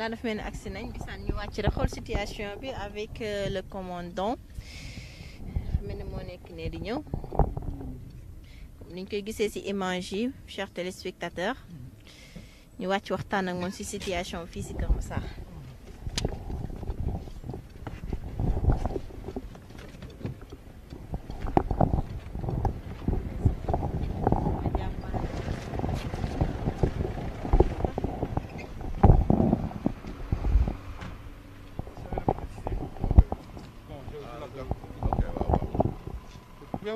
la dafa mel ni agsi nañ bisaan ñu wàcc rek situation bi avec euh, le commandant mel ni moo nekk ne di ñëw ni ñu koy gisee ci image yi chers ñu wàcc waxtaan ak moom ci situation fii ci Kër Massar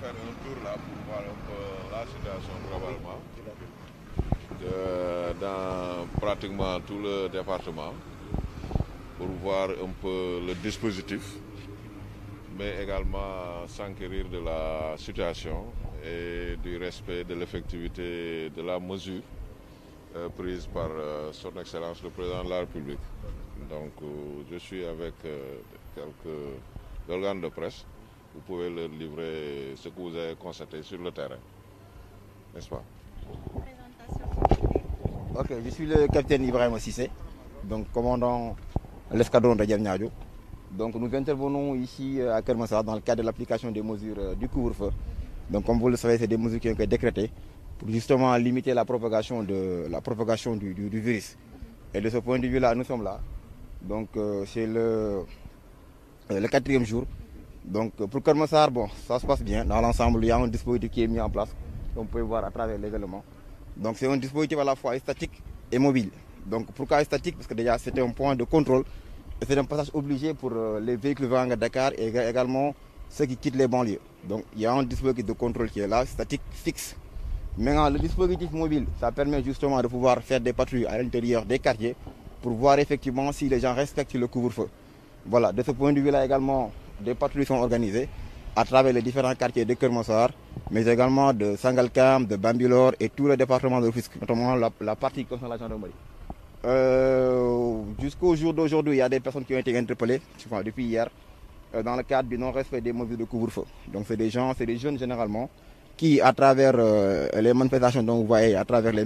faire tour là pour voir un peu la situation globalement dans pratiquement tout le département pour voir un peu le dispositif mais également s'enquérir de la situation et du respect de l'effectivité de la mesure euh, prise par euh, son excellence le président de la République donc euh, je suis avec euh, quelques organes de presse vous pouvez leur livrer ce que vous avez constaté sur le terrain, n'est-ce pas? Ok, je suis le capitaine Ibrahima Sissé, donc commandant l'escadron de Diamniadio. Donc nous intervenons ici euh, à Keur Massar dans le cadre de l'application des mesures euh, du couvre-feu. Donc comme vous le savez, c'est des mesures qui ont été décrétées pour justement limiter la propagation de la propagation du, du, du virus. Et de ce point de vue-là, nous sommes là. Donc euh, c'est le euh, le quatrième jour Donc euh, pour Kermassar, bon, ça se passe bien. Dans l'ensemble, il y a un dispositif qui est mis en place, comme vous voir à travers l'événement. Donc c'est un dispositif à la fois statique et mobile. Donc pourquoi statique Parce que déjà c'était un point de contrôle. Et c'est un passage obligé pour euh, les véhicules venant à Dakar et également ceux qui quittent les banlieues. Donc il y a un dispositif de contrôle qui est là, statique, fixe. Maintenant, le dispositif mobile, des patrouilles sont organisées à travers les différents quartiers de Kermossar, mais également de Sangalkam, de Bambilor et tout le département de Rufisque, notamment la, la partie concernant la gendarmerie. Euh, Jusqu'au jour d'aujourd'hui, il y a des personnes qui ont été interpellées, enfin, depuis hier, euh, dans le cadre du non-respect des mesures de couvre-feu. Donc c'est des gens, c'est des jeunes généralement, qui à travers euh, les manifestations dont vous à travers les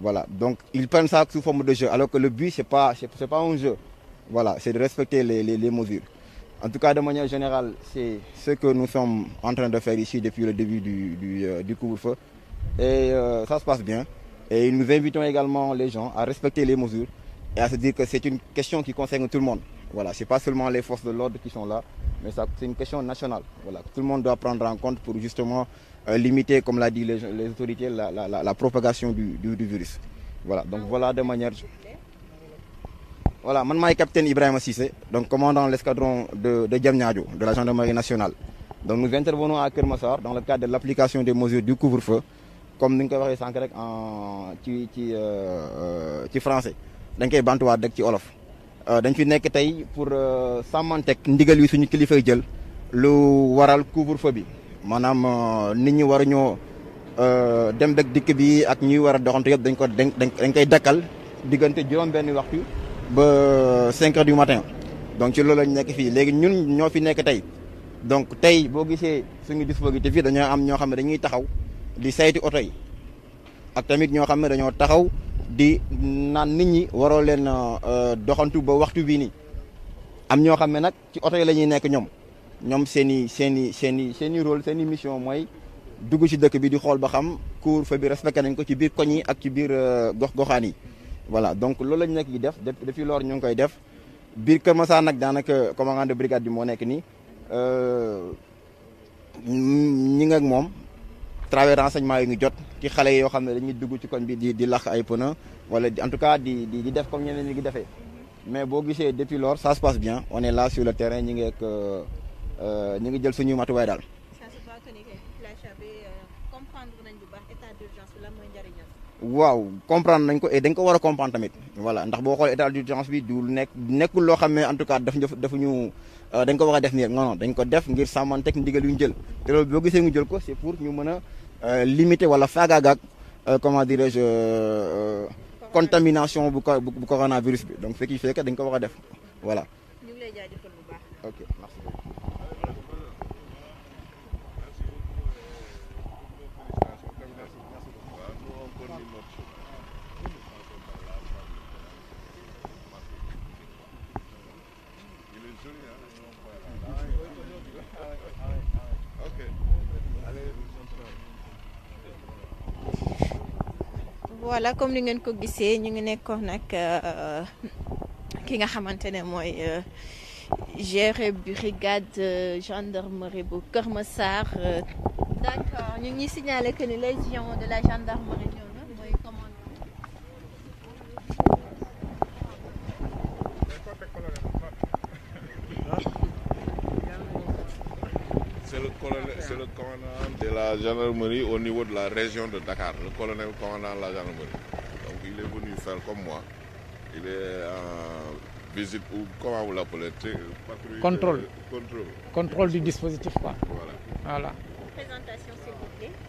Voilà, donc ils prennent ça sous forme de jeu, alors que le but, c'est, pas un jeu. c'est de respecter les, mesures. En tout cas, de manière générale, c'est ce que nous sommes en train de faire ici depuis le début du, du, euh, Et euh, se passe bien. Et nous invitons également les gens à respecter les mesures et à se dire que c'est une question qui concerne tout le monde. Voilà, pas seulement les forces de l'ordre qui sont là, mais c'est une question nationale. tout le monde doit prendre Euh, limiter, comme l'a dit les, les autorités, la, la, la, la propagation du, du, du, virus. Voilà, donc voilà de manière... Voilà, moi, je suis capitaine Ibrahim Sissé, donc commandant l'escadron de, de Diamniadio, de la gendarmerie nationale. Donc nous intervenons ma Kermassar dans le cadre de l'application des mesures du couvre-feu, comme nous l'avons dit en qui, qui, euh, qui euh, français. Donc, bantoir ci Olof. Euh, dañ fi nekk tey pour sàmmanteeg ndigal yi suñu kilifa jël lu waral couvre-feu bi maanaam euh, nit ñi war ñoo euh, dem dëkk dikk bi ak ñuy war a doxantu yëpp dañ ko dañ dañ koy dakkal diggante juróom-benn waxtu ba 5 heures du matin donc ci loolu lañ nekk fii léegi ñun ñoo fi nekk tey donc tey boo gisee suñu dispositif fi dañoo am ñoo xam ne dañuy taxaw di saytu oto yi ak tamit ñoo xam ne dañoo taxaw di naan nit ñi waroo leen euh, doxantu ba waxtu bii nii am ñoo xam ne nag ci oto yi la ñuy nekk ñoom. ñoom seen i seeni i seen role seen mission mooy dugg ci dëkk bi di xool ba xam couvre-feu bi respecté nañ ko ci biir koñ yi ak ci biir euh, gox-goxaan yi. voilà donc loolu lañ nekk yi def depuis lors ñu ngi koy def biir Kër Massar daanaka commandant de bi moo nekk nii euh, ñi nga ak moom travers renseignement yi ngi jot ci xale yoo xam ne dañuy dugg ci koñ bi di di lax ay pneu wala en tout di di di def comme ñeneen ñi ngi defee mais boo gisee depuis lors sa se passe bien on la là sur le terrain ñi ngi ak. Euh, Euh, ñu ngi jël suñu matuwaay daal. Euh, waaw comprendre nañ ko et dañ ko war a comprendre tamit wala ndax boo xoolee état d'urgence bi du nekk nekkul loo xam ne en tout cas daf ñu dafa ñu euh, dañ ko war a def nii non non dañ ko def ngir sàmmanteeg ndigal yu ñu jël te loolu boo gisee ñu jël ko c'est pour ñu mën a limiter wala faagaagaag comment dirais-je contamination bu bu coronavirus bi donc ce qui dañ ko war a def voilà. voilà comme ni ngeen ko gisee ñu ngi nekkoon nag euh, ki nga xamante ne mooy euh, géré brigade euh, gendarmerie bu Kër Massar. d'accord ñu ngi signalé que ni de la gendarmerie. le colonel, de la gendarmerie au niveau de la région de Dakar, le colonel commandant de la gendarmerie. Donc il est venu faire comme vous l'appelez Contrôle. contrôle. du dispositif quoi. Voilà. voilà.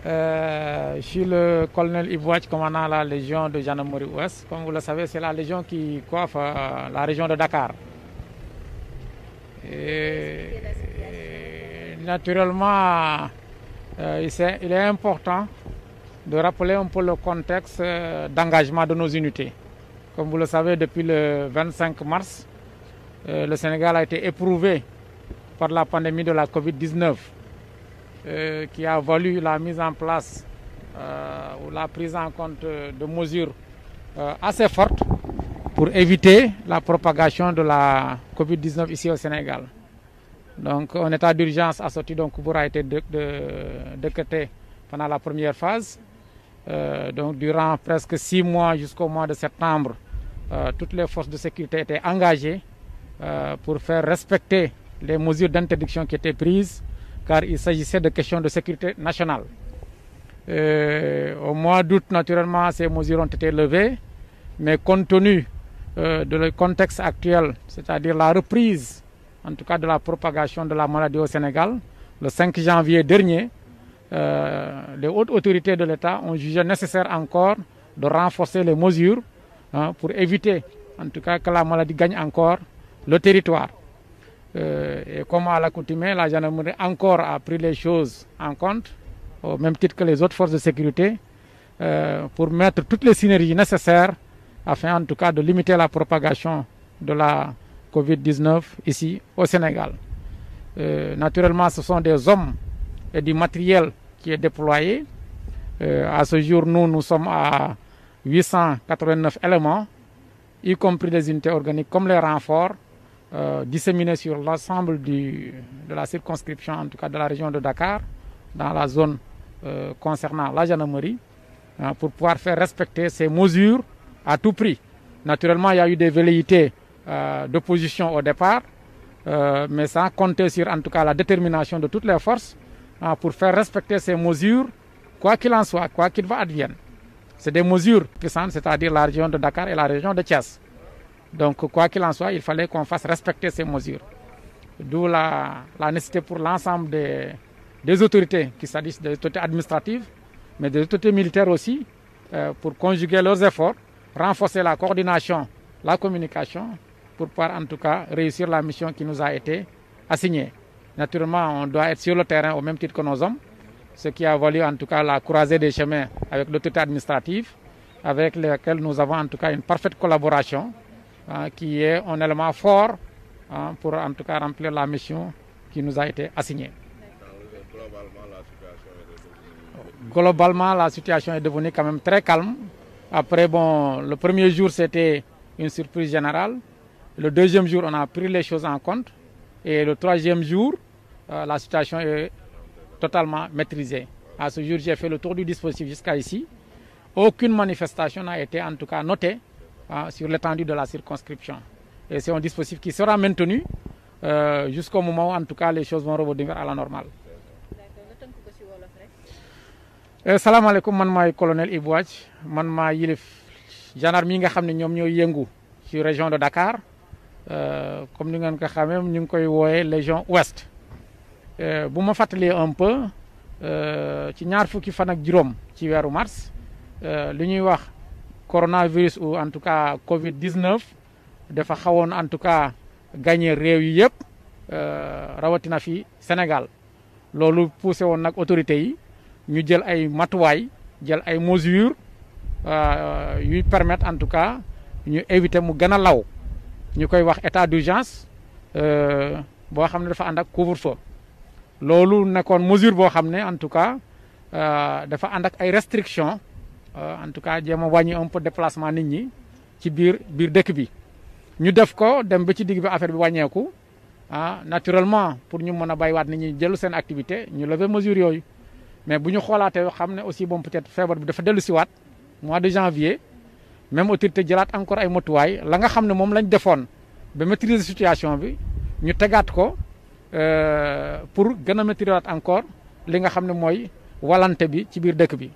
Euh, colonel Ivoach, commandant la Légion de gendarmerie Ouest. Comme vous le savez, c'est la Légion qui coiffe euh, la région de Dakar. naturellement, euh, il important de rappeler un peu le contexte euh, d'engagement de nos unités. Comme vous le savez, depuis mars, euh, le Sénégal a été éprouvé par la pandémie de la Covid-19, euh, qui a valu la mise en place euh, ou la prise en compte de mesures euh, assez fortes pour éviter la propagation de la Covid-19 ici au Sénégal. Donc un état d'urgence assorti donc pour a de, de, décrété pendant la première phase. Euh, donc durant presque six mois jusqu'au mois de septembre, euh, toutes les forces de sécurité étaient engagées euh, pour faire respecter les mesures d'interdiction qui étaient prises, car il s'agissait de questions de sécurité nationale. Et euh, au mois d'août, naturellement, ces mesures ont été levées, mais compte tenu euh, de le contexte actuel, c'est-à-dire la reprise en tout cas de la propagation de la maladie au Sénégal, le 5 janvier dernier, euh, les hautes autorités de l'État ont jugé nécessaire encore de renforcer les mesures hein, pour éviter, en tout cas, que la maladie gagne encore le territoire. Euh, et comme à l'accoutumée, la gendarmerie encore a pris les choses en compte, au même titre que les autres forces de sécurité, euh, pour mettre toutes les synergies nécessaires afin, en tout cas, de limiter la propagation de la Covid-19 ici au Sénégal. Euh, naturellement, ce sont des hommes et du matériel qui est déployé. Euh, à ce jour, nous, nous sommes à 889 éléments, y compris les unités organiques comme les renforts, euh, disséminés sur l'ensemble de la circonscription, en tout cas de la région de Dakar, dans la zone euh, concernant la gendarmerie, hein, pour pouvoir faire respecter ces mesures à tout prix. Naturellement, il y a eu des velléités Euh, d'opposition au départ, euh, mais sans compter sur en tout cas la détermination de toutes les forces pour faire respecter ces mesures, quoi qu'il en soit, quoi qu'il va advienne. C'est des mesures puissantes, c'est-à-dire la région de Dakar et la région de Thiès. Donc, quoi qu'il en soit, il fallait qu'on fasse respecter ces mesures. D'où la, la, nécessité pour l'ensemble des, des, autorités, qu'il s'agisse des autorités administratives, mais des autorités militaires aussi, euh, pour conjuguer leurs efforts, renforcer la coordination, la communication, pour pouvoir en tout cas réussir la mission qui nous a été assignée. Naturellement, on doit être sur le terrain au même titre que nos hommes, ce qui a valu en tout cas la croisée des chemins avec l'autorité administrative, avec laquelle nous avons en tout cas une parfaite collaboration, qui est un élément fort hein, pour en tout cas remplir la mission qui nous a été assignée. Globalement, la situation est devenue quand même très calme. Après, bon, le premier jour, c'était une surprise générale. Le deuxième jour, on a pris les choses en compte. Et le troisième jour, euh, la situation est totalement maîtrisée. À ce jour, j'ai fait le tour du dispositif jusqu'à ici. Aucune manifestation n'a été en tout cas notée hein, euh, sur l'étendue de la circonscription. Et c'est un dispositif qui sera maintenu euh, jusqu'au moment où en tout cas les choses vont revenir à la normale. Euh, salaamaaleykum man maay colonel Ibou Wathie man maa yilif gendarme yi nga xam ne ñoom ñooy yëngu ci région de Dakar Euh, comme ni ngeen ko xamee ñu ngi koy wooyee légion ouest euh, bu ma fàttalee un peu euh, ci ñaar fukki fan ak juróom ci weeru mars li ñuy wax coronavirus ou en tout cas Covid 19 dafa xawoon en tout cas gagné réew yi yëpp rawatina fi Sénégal loolu poussé woon nag autorités yi ñu jël ay matuwaay jël ay mesures yuy permettre en tout cas ñu éviter mu gën a law. ñu koy wax état d'urgence euh, boo xam ne dafa ànd ak couvre loolu nekkoon mesure boo xam ne en tout cas euh, dafa ànd ak ay restrictions euh, en tout cas jéem a wàññi un déplacement nit ñi ci biir biir dëkk bi ñu def ko dem ba ci digg bi affaire bi wàññeeku ah naturellement pour ñu mën a bàyyiwaat nit ñi jëlu seen activité ñu lever mesure yooyu mais bu ñu xoolaatee xam ne aussi bon peut-être feebar bi dafa dellu siwaat mois de janvier même autorité jëlaat encore ay motuwaay la nga xam ne moom lañ defoon ba maîtriser situation bi ñu tegaat ko euh, pour gën a maîtriser encore li nga xam ne mooy wallante bi ci biir dëkk bi.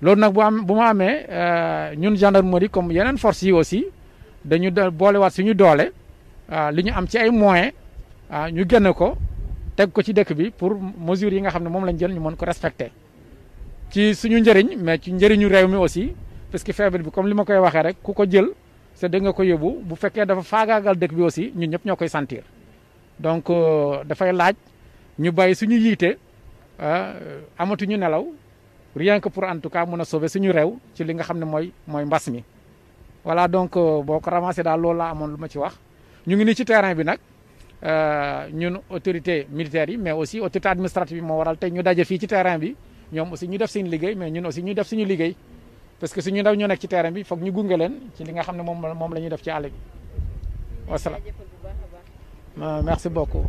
loolu nag bu am bu mu amee euh, ñun gendarmerie comme yeneen force yi aussi dañu boolewaat suñu doole euh, li ñu am ci ay moyens ñu génne ko teg ko ci dëkk bi pour mesures yi nga xam ne moom lañ jël ñu mën ko respecter ci suñu njëriñ mais ci njëriñu réew mi aussi. parce que feebar bi comme li ma koy waxee rek ku ko jël te da nga ko yóbbu bu fekkee dafa faagaagal dëkk bi aussi ñun ñëpp ñoo koy sentir donc euh, dafay laaj ñu bàyyi suñu yiite ah, amatuñu nelaw rien que pour en tout cas mun a sauver suñu réew ci li nga xam ne mooy mooy mbas mi. voilà donc euh, boo ko ramassé daal loolu laa amoon lu ma ci wax ñu ngi nii ci terrain bi nag euh, ñun autorité militaire yi mais aussi autorité administrative yi moo waral te ñu daje fii ci terrain bi ñoom aussi ñu def seen liggéey mais ñun aussi ñu def suñu liggéey. parce que suñu ndaw ñoo nekk ci terrain bi foog ñu gunge leen ci li nga xam ne moom moom la ñuy def ci àll bi wasalaam. merci beaucoup.